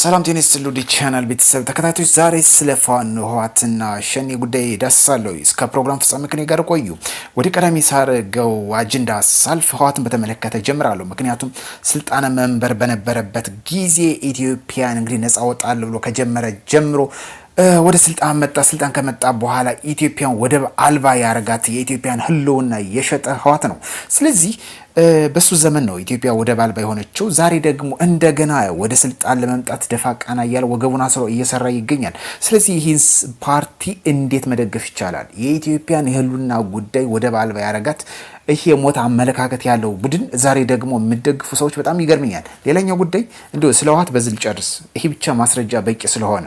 ሰላም ጤና ይስጥልኝ ውድ ቻናል ቤተሰብ ተከታታዮች፣ ዛሬ ስለ ፋኖ ህወሓትና ሸኔ ጉዳይ ዳስሳለሁ። እስከ ፕሮግራም ፍጻሜ ከኔ ጋር ቆዩ። ወደ ቀዳሚ ሳርገው አጀንዳ ሳልፍ ህወሓትን በተመለከተ ጀምራለሁ። ምክንያቱም ስልጣነ መንበር በነበረበት ጊዜ ኢትዮጵያን እንግዲህ ነጻ ወጣለሁ ብሎ ከጀመረ ጀምሮ ወደ ስልጣን መጣ። ስልጣን ከመጣ በኋላ ኢትዮጵያን ወደብ አልባ ያረጋት የኢትዮጵያን ህልውና የሸጠ ህወሓት ነው። ስለዚህ በሱ ዘመን ነው ኢትዮጵያ ወደብ አልባ የሆነችው። ዛሬ ደግሞ እንደገና ወደ ስልጣን ለመምጣት ደፋ ቀና እያለ ወገቡን አስሮ እየሰራ ይገኛል። ስለዚህ ይህን ፓርቲ እንዴት መደገፍ ይቻላል? የኢትዮጵያን የህልውና ጉዳይ ወደብ አልባ ያረጋት ይህ የሞት አመለካከት ያለው ቡድን ዛሬ ደግሞ የሚደግፉ ሰዎች በጣም ይገርምኛል። ሌላኛው ጉዳይ እንዲሁ ስለ ህወሓት ጨርስ ልጨርስ። ይሄ ብቻ ማስረጃ በቂ ስለሆነ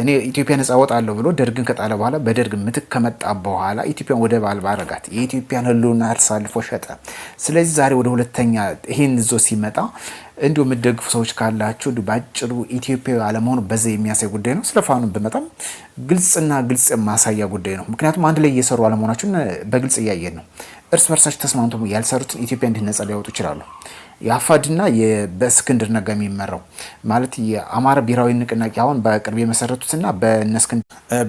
እኔ ኢትዮጵያን ነጻ ወጣለሁ ብሎ ደርግን ከጣለ በኋላ በደርግ ምትክ ከመጣ በኋላ ኢትዮጵያን ወደብ አልባ አረጋት። የኢትዮጵያን ሕልውና አልፎ ሸጠ። ስለዚህ ዛሬ ወደ ሁለተኛ ይህን ይዞ ሲመጣ እንዲሁ የምደግፉ ሰዎች ካላችሁ በአጭሩ ኢትዮጵያዊ አለመሆኑ በዛ የሚያሳይ ጉዳይ ነው። ስለ ፋኖ በመጣም ግልጽና ግልጽ ማሳያ ጉዳይ ነው። ምክንያቱም አንድ ላይ እየሰሩ አለመሆናችሁን በግልጽ እያየን ነው። እርስ በርሳቸው ተስማምቶ ያልሰሩትን ኢትዮጵያ እንዲህ ነጻ ሊያወጡ ይችላሉ። የአፋድና በእስክንድር ነጋ የሚመራው ማለት የአማራ ብሔራዊ ንቅናቄ አሁን በቅርብ የመሰረቱትና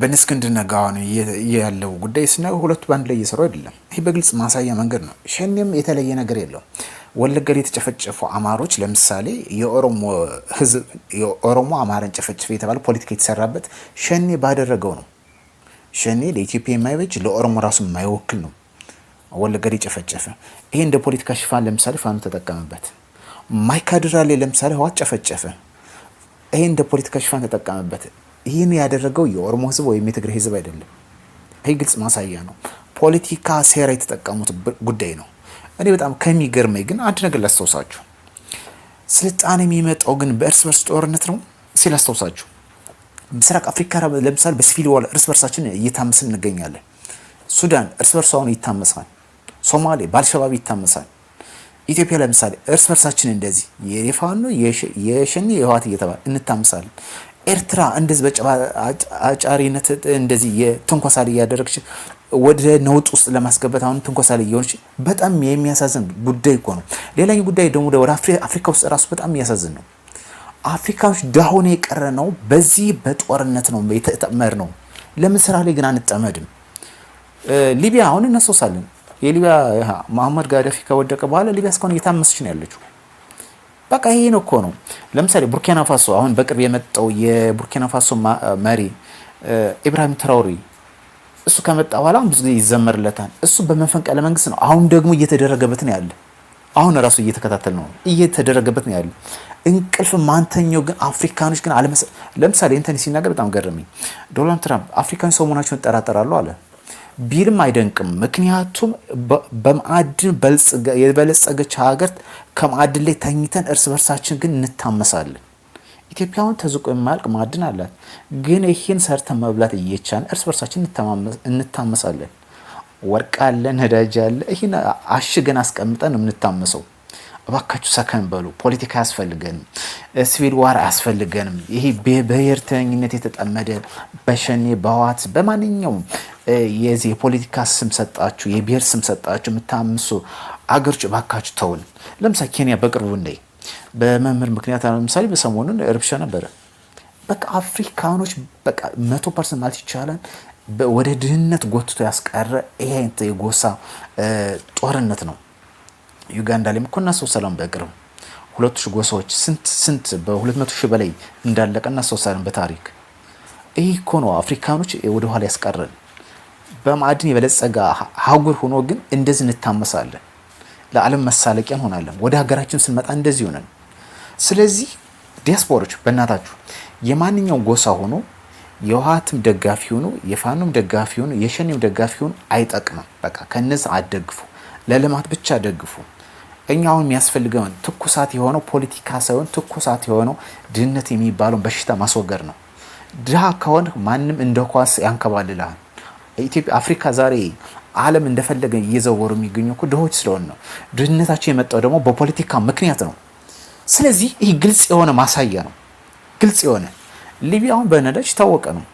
በእስክንድር ነጋ አሁን ያለው ጉዳይ ስና ሁለቱ በአንድ ላይ እየሰሩ አይደለም። ይህ በግልጽ ማሳያ መንገድ ነው። ሸኔም የተለየ ነገር የለውም። ወለጋ ላይ የተጨፈጨፉ አማሮች ለምሳሌ የኦሮሞ ህዝብ የኦሮሞ አማራን ጨፈጨፈ የተባለ ፖለቲካ የተሰራበት ሸኔ ባደረገው ነው። ሸኔ ለኢትዮጵያ የማይበጅ ለኦሮሞ ራሱ የማይወክል ነው። ወለጋን ጨፈጨፈ ይሄ እንደ ፖለቲካ ሽፋን ለምሳሌ ፋኖ ተጠቀመበት። ማይካድራ ላይ ለምሳሌ ህወሓት ጨፈጨፈ፣ ይሄ እንደ ፖለቲካ ሽፋን ተጠቀመበት። ይህን ያደረገው የኦሮሞ ህዝብ ወይም የትግራይ ህዝብ አይደለም። ይህ ግልጽ ማሳያ ነው። ፖለቲካ ሴራ የተጠቀሙት ጉዳይ ነው። እኔ በጣም ከሚገርመኝ ግን አንድ ነገር ላስታውሳችሁ፣ ስልጣን የሚመጣው ግን በእርስ በርስ ጦርነት ነው ሲል አስታውሳችሁ። ምስራቅ አፍሪካ ለምሳሌ በሲቪል ዋር እርስ በርሳችን እየታመስን እንገኛለን። ሱዳን እርስ በርሷ አሁን ይታመሳል። ሶማሌ በአልሸባብ ይታመሳል። ኢትዮጵያ ለምሳሌ እርስ በርሳችን እንደዚህ የፋኖ የሸኔ የህዋት እየተባለ እንታምሳለን። ኤርትራ እንደዚህ በአጫሪነት እንደዚህ የትንኮሳ ላይ እያደረግች ወደ ነውጥ ውስጥ ለማስገባት አሁን ትንኮሳ ላይ እየሆነች በጣም የሚያሳዝን ጉዳይ እኮ ነው። ሌላኛው ጉዳይ ደግሞ ወደ አፍሪካ ውስጥ ራሱ በጣም የሚያሳዝን ነው። አፍሪካዎች ዳሆነ የቀረ ነው። በዚህ በጦርነት ነው የተጠመድ ነው። ለምን ስራ ላይ ግን አንጠመድም? ሊቢያ አሁን እናስታውሳለን። የሊቢያ መሐመድ ጋዳፊ ከወደቀ በኋላ ሊቢያ እስካሁን እየታመሰች ነው ያለችው። በቃ ይሄ ነው እኮ ነው። ለምሳሌ ቡርኪና ፋሶ አሁን በቅርብ የመጣው የቡርኪና ፋሶ መሪ ኢብራሂም ትራውሪ እሱ ከመጣ በኋላ አሁን ብዙ ጊዜ ይዘመርለታል። እሱ በመፈንቅለ መንግስት ነው። አሁን ደግሞ እየተደረገበት ነው ያለ። አሁን ራሱ እየተከታተል ነው እየተደረገበት ነው ያለ። እንቅልፍ ማንተኛው ግን አፍሪካኖች ግን አለመሰ ለምሳሌ ሲናገር በጣም ገረመኝ። ዶናልድ ትራምፕ አፍሪካኖች ሰው መሆናቸውን ጠራጠራሉ አለ። ቢልም አይደንቅም። ምክንያቱም በማዕድን የበለጸገች ሀገር ከማዕድን ላይ ተኝተን እርስ በርሳችን ግን እንታመሳለን። ኢትዮጵያውን ተዝቆ የማያልቅ ማዕድን አላት፣ ግን ይህን ሰርተን መብላት እየቻን እርስ በርሳችን እንታመሳለን። ወርቅ አለ፣ ነዳጅ አለ። ይህን አሽገን አስቀምጠን የምንታመሰው እባካችሁ ሰከን በሉ። ፖለቲካ አያስፈልገንም፣ ሲቪል ዋር አያስፈልገንም። ይሄ ብሔርተኝነት የተጠመደ በሸኔ በህዋት በማንኛውም የዚህ የፖለቲካ ስም ሰጣችሁ፣ የብሔር ስም ሰጣችሁ የምታምሱ አገሮች እባካችሁ ተውን። ለምሳሌ ኬንያ በቅርቡ እንደ በመምህር ምክንያት ለምሳሌ በሰሞኑን ርብሻ ነበረ። በቃ አፍሪካኖች በቃ መቶ ፐርሰንት ማለት ይቻላል ወደ ድህነት ጎትቶ ያስቀረ ይሄ የጎሳ ጦርነት ነው። ዩጋንዳ ላይም እኮ እናስታውሳለን በቅርብ ሁለቱ ሺ ጎሳዎች ስንት ስንት በሁለት መቶ ሺህ በላይ እንዳለቀ እናስታውሳለን በታሪክ ይህ እኮ ነው አፍሪካኖች ወደኋላ ያስቀረን በማዕድን የበለጸገ ሀጉር ሆኖ ግን እንደዚህ እንታመሳለን ለዓለም መሳለቂያ እንሆናለን ወደ ሀገራችን ስንመጣ እንደዚህ ሆነን ስለዚህ ዲያስፖሮች በእናታችሁ የማንኛውም ጎሳ ሆኖ የውሃትም ደጋፊ ሆኑ የፋኖም ደጋፊ ሆኖ የሸኔም ደጋፊ ሆኑ አይጠቅምም። በቃ ከነዚህ አደግፉ ለልማት ብቻ ደግፉ። እኛውን የሚያስፈልገውን ትኩሳት የሆነው ፖለቲካ ሳይሆን ትኩሳት የሆነው ድህነት የሚባለውን በሽታ ማስወገድ ነው። ድሃ ከሆን ማንም እንደ ኳስ ያንከባልልሃል። ኢትዮጵያ አፍሪካ ዛሬ ዓለም እንደፈለገ እየዘወሩ የሚገኙ እኮ ድሆች ስለሆን ነው። ድህነታቸው የመጣው ደግሞ በፖለቲካ ምክንያት ነው። ስለዚህ ይህ ግልጽ የሆነ ማሳያ ነው። ግልጽ የሆነ ሊቢያ በነዳጅ ታወቀ ነው።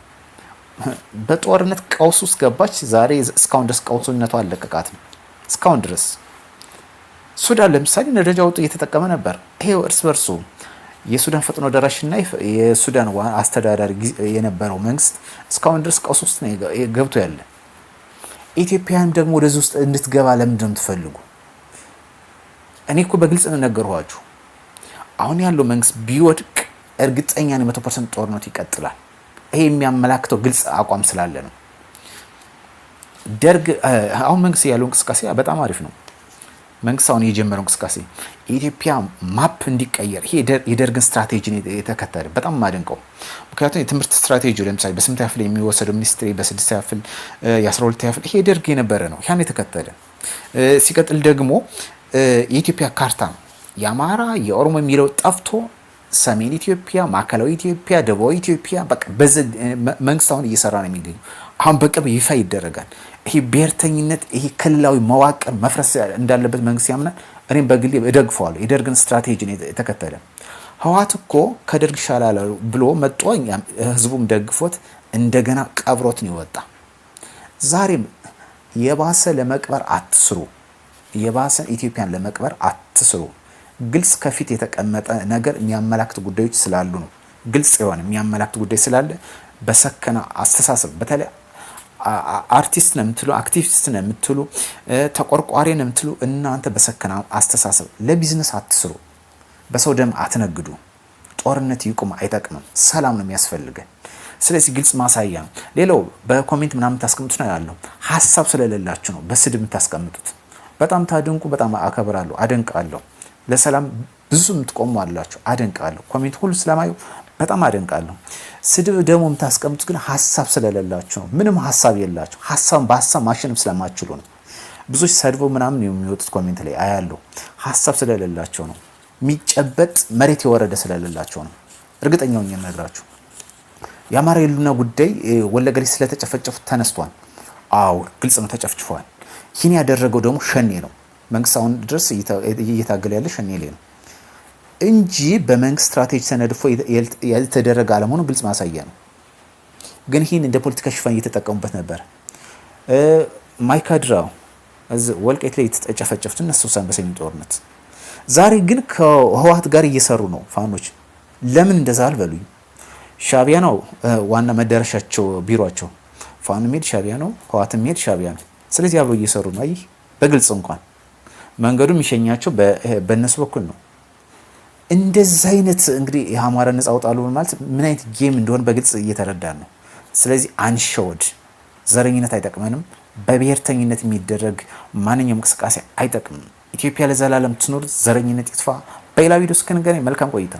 በጦርነት ቀውስ ውስጥ ገባች። ዛሬ እስካሁን ድረስ ቀውሱነቷ አለቀቃት ነው እስካሁን ድረስ ሱዳን ለምሳሌ ነዳጅ አውጡ እየተጠቀመ ነበር። ይሄው እርስ በርሱ የሱዳን ፈጥኖ ደራሽና የሱዳን አስተዳዳሪ የነበረው መንግስት እስካሁን ድረስ ቀውስ ውስጥ ነው ገብቶ ያለ። ኢትዮጵያን ደግሞ ወደዚህ ውስጥ እንድትገባ ለምንድን ነው የምትፈልጉ? እኔ እኮ በግልጽ ነው ነገርኋችሁ። አሁን ያለው መንግስት ቢወድቅ እርግጠኛ ነው መቶ ፐርሰንት ጦርነት ይቀጥላል። ይሄ የሚያመላክተው ግልጽ አቋም ስላለ ነው። ደርግ አሁን መንግስት ያለው እንቅስቃሴ በጣም አሪፍ ነው። መንግስት አሁን የጀመረው እንቅስቃሴ የኢትዮጵያ ማፕ እንዲቀየር ይሄ የደርግን ስትራቴጂ የተከተለ በጣም ማደንቀው። ምክንያቱም የትምህርት ስትራቴጂ ለምሳሌ በስምንተኛ ያፍል የሚወሰደው ሚኒስትሪ በስድስተኛ ክፍል የአስራሁለተኛ ያፍል ይሄ ደርግ የነበረ ነው። ያን የተከተለ ሲቀጥል ደግሞ የኢትዮጵያ ካርታ የአማራ የኦሮሞ የሚለው ጠፍቶ ሰሜን ኢትዮጵያ፣ ማዕከላዊ ኢትዮጵያ፣ ደቡባዊ ኢትዮጵያ መንግስት አሁን እየሰራ ነው የሚገኙ አሁን በቅርብ ይፋ ይደረጋል። ይሄ ብሔርተኝነት፣ ይሄ ክልላዊ መዋቅር መፍረስ እንዳለበት መንግስት ያምናል። እኔም በግሌ እደግፈዋለሁ። የደርግን ስትራቴጂ የተከተለ ህወሓት እኮ ከደርግ ይሻላል ብሎ መጦ ህዝቡም ደግፎት እንደገና ቀብሮት ነው ይወጣ። ዛሬም የባሰ ለመቅበር አትስሩ፣ የባሰ ኢትዮጵያን ለመቅበር አትስሩ። ግልጽ ከፊት የተቀመጠ ነገር የሚያመላክት ጉዳዮች ስላሉ ነው። ግልጽ የሆነ የሚያመላክት ጉዳይ ስላለ በሰከነ አስተሳሰብ በተለይ አርቲስት ነው የምትሉ አክቲቪስት ነው የምትሉ ተቆርቋሪ ነው የምትሉ እናንተ በሰከነ አስተሳሰብ ለቢዝነስ አትስሩ። በሰው ደም አትነግዱ። ጦርነት ይቁም፣ አይጠቅምም። ሰላም ነው የሚያስፈልገን። ስለዚህ ግልጽ ማሳያ ነው። ሌላው በኮሜንት ምናምን ታስቀምጡት ነው ያለው ሀሳብ ስለሌላችሁ ነው በስድብ የምታስቀምጡት። በጣም ታድንቁ፣ በጣም አከብራለሁ፣ አደንቃለሁ። ለሰላም ብዙ የምትቆሙ አላችሁ፣ አደንቃለሁ። ኮሜንት ሁሉ ስለማየው በጣም አደንቃለሁ። ስድብ ደግሞ የምታስቀምጡት ግን ሀሳብ ስለሌላችሁ ነው። ምንም ሀሳብ የላችሁ። ሀሳብ በሀሳብ ማሸነፍ ስለማችሉ ነው። ብዙዎች ሰድበው ምናምን የሚወጡት ኮሜንት ላይ አያለሁ። ሀሳብ ስለሌላቸው ነው። የሚጨበጥ መሬት የወረደ ስለሌላቸው ነው። እርግጠኛውን የምነግራችሁ የአማራ የሉና ጉዳይ ወለጋ ስለተጨፈጨፉት ተነስቷል። አዎ ግልጽ ነው፣ ተጨፍጭፏል። ይህን ያደረገው ደግሞ ሸኔ ነው። መንግስት አሁን ድረስ እየታገለ ያለ ሸኔሌ ነው እንጂ በመንግስት ስትራቴጂ ተነድፎ ያልተደረገ አለመሆኑ ግልጽ ማሳያ ነው። ግን ይህን እንደ ፖለቲካ ሽፋን እየተጠቀሙበት ነበር። ማይካድራው ወልቃይት ላይ የተጨፈጨፉት እነሱ በሰሜኑ ጦርነት ዛሬ ግን ከህወሓት ጋር እየሰሩ ነው ፋኖች። ለምን እንደዛ አልበሉኝ? ሻቢያ ነው ዋና መዳረሻቸው ቢሮቸው። ፋኖ ሄድ ሻቢያ ነው፣ ህወሓት ሄድ ሻቢያ ነው። ስለዚህ አብሮ እየሰሩ ነው። ይህ በግልጽ እንኳን መንገዱ የሚሸኛቸው በእነሱ በኩል ነው። እንደዚህ አይነት እንግዲህ የአማራ ነጻ አውጣሉ ማለት ምን አይነት ጌም እንደሆነ በግልጽ እየተረዳን ነው። ስለዚህ አንሸወድ። ዘረኝነት አይጠቅመንም። በብሔርተኝነት የሚደረግ ማንኛውም እንቅስቃሴ አይጠቅምም። ኢትዮጵያ ለዘላለም ትኖር ዘረኝነት ይጥፋ። በሌላ ቪዲዮ እስክንገናኝ መልካም ቆይታ